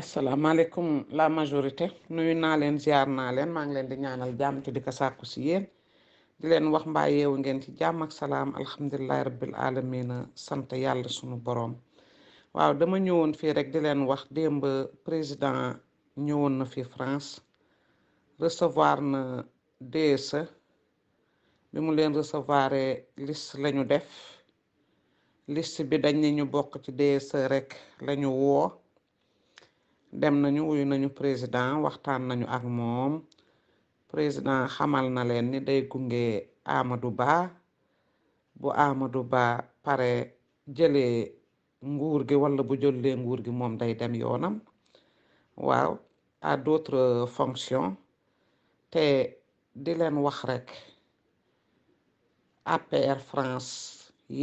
asalaamaaleykum la majorité nuyu naa leen ziar naa leen maa ngi leen di ñaanal jàmm te di ko sàkku si di leen wax mbaa yeewu ngeen ci jàmm ak salaam alhamdulilahi rabbil alamina sant yàlla sunu boroom waaw dama ñëwoon fii rek di leen wax démb président ñëwoon na fi France recevoir na DSE bi leen recevoir liste lañu def liste bi dañ ne bokk ci DSE rek lañu woo dem nañu uyu nañu président waxtaan nañu ak moom président xamal na leen ni day gunge Amadou Ba bu Amadou Ba pare jëlee nguur gi wala bu jëlee nguur gi moom day dem yoonam waaw à d'autres fonctions te di leen wax rek APR France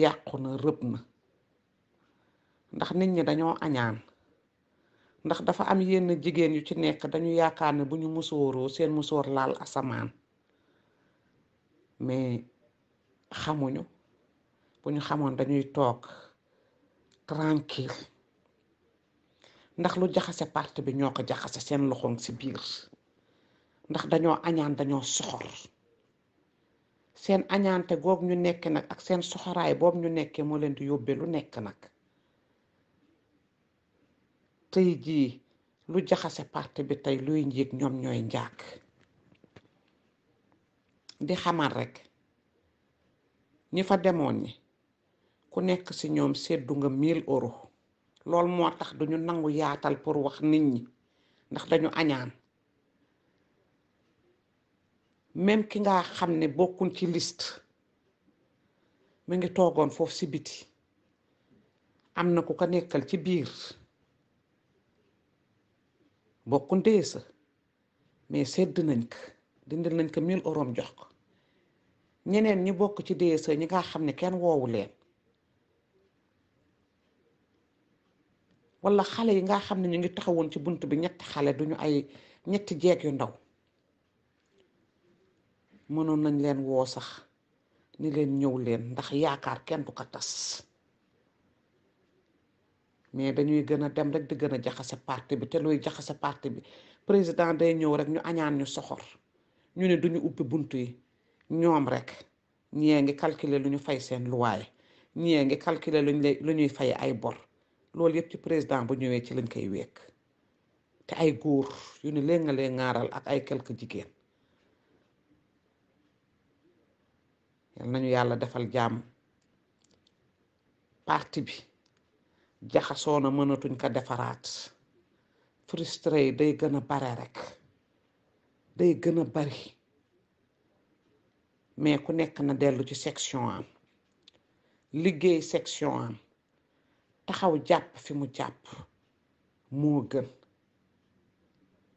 yàqu na rëb na ndax nit ñi dañoo añaan ndax dafa am yenn jigéen yu ci nekk dañu yaakaar ne bu ñu musóoroo seen musóor laal asamaan mais xamuñu bu ñu xamoon dañuy toog tranquille ndax lu jaxase parti bi ñoo ko jaxase seen loxoon si biir ndax dañoo añaan dañoo soxor seen añaante goog ñu nekk nag ak seen soxoraay boobu ñu nekkee moo leen di yóbbee lu nekk nag tey jii lu jaxase parti bi tey luy njiit ñoom ñooy njaak di xamal rekk ñi fa demoon ñi ku nekk ci ñoom seddu nga 1000 euros loolu moo tax duñu nangu yaatal pour wax nit ñi ndax dañu añaan même ki nga xam ne bokkuñ ci list mu ngi toogoon foofu ci biti am na ku ko nekkal ci biir bokkun téye sa mais sedd nañ ko dindil nañ ko 1000 orom jox ko ñeneen ñi bokk ci DSE ñi nga xam ne kenn woowu leen wala xale yi nga xam ne ñu ngi taxawoon ci bunt bi ñetti xale duñu ay ñetti jeeg yu ndaw mënoon nañ leen woo sax ni leen ñëw leen ndax yaakaar kenn du ko tas mais dañuy gën a dem rek di gën a jaxase parti bi te luy jaxase parti bi président day ñëw rek ñu añaan ñu soxor ñu ne duñu ubbi bunt yi ñoom rek ñee ngi calculer lu ñu fay seen luwaay ñee ngi calculer luñ lay lu ñuy fay ay bor loolu yëpp ci président bu ñëwee ci lañ koy wékk te ay góor yu ne léeg nga leen ŋaaral ak ay quelques jigéen yal nañu yàlla defal jàmm parti bi jaxasoo na mënatuñ ko defaraat frustré yi day gën a bare rek day gën a bari mais ku nekk na dellu ci section am liggéey section am taxaw jàpp fi mu jàpp moo gën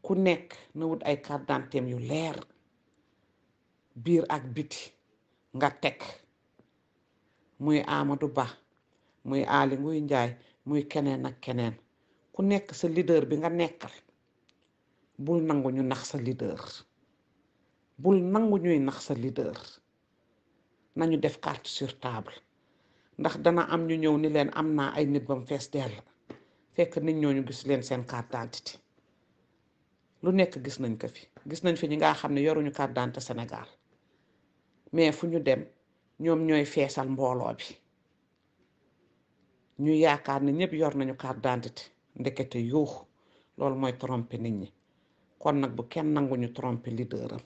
ku nekk na wut ay carte yu leer biir ak biti nga teg muy Amadou Ba muy Aly Ngouille Ndiaye muy keneen ak keneen ku nekk sa leader bi nga nekkal bul nangu ñu nax sa leader bul nangu ñuy nax sa leader nañu def carte sur table ndax dana am ñu ñëw ni leen am na ay nit bam fees dell fekk nit ñooñu gis leen seen carte d'identité lu nekk gis nañ ko fi gis nañ fi ñi nga xam ne yoruñu carte d'identité Sénégal mais fu ñu dem ñoom ñooy feesal mbooloo bi ñu yaakaar ne ñëpp yor nañu carte d'identité ndekete yuux loolu mooy tromper nit ñi kon nag bu kenn nanguñu tromper leader am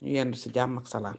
ñu yendu ci jàmm ak salaam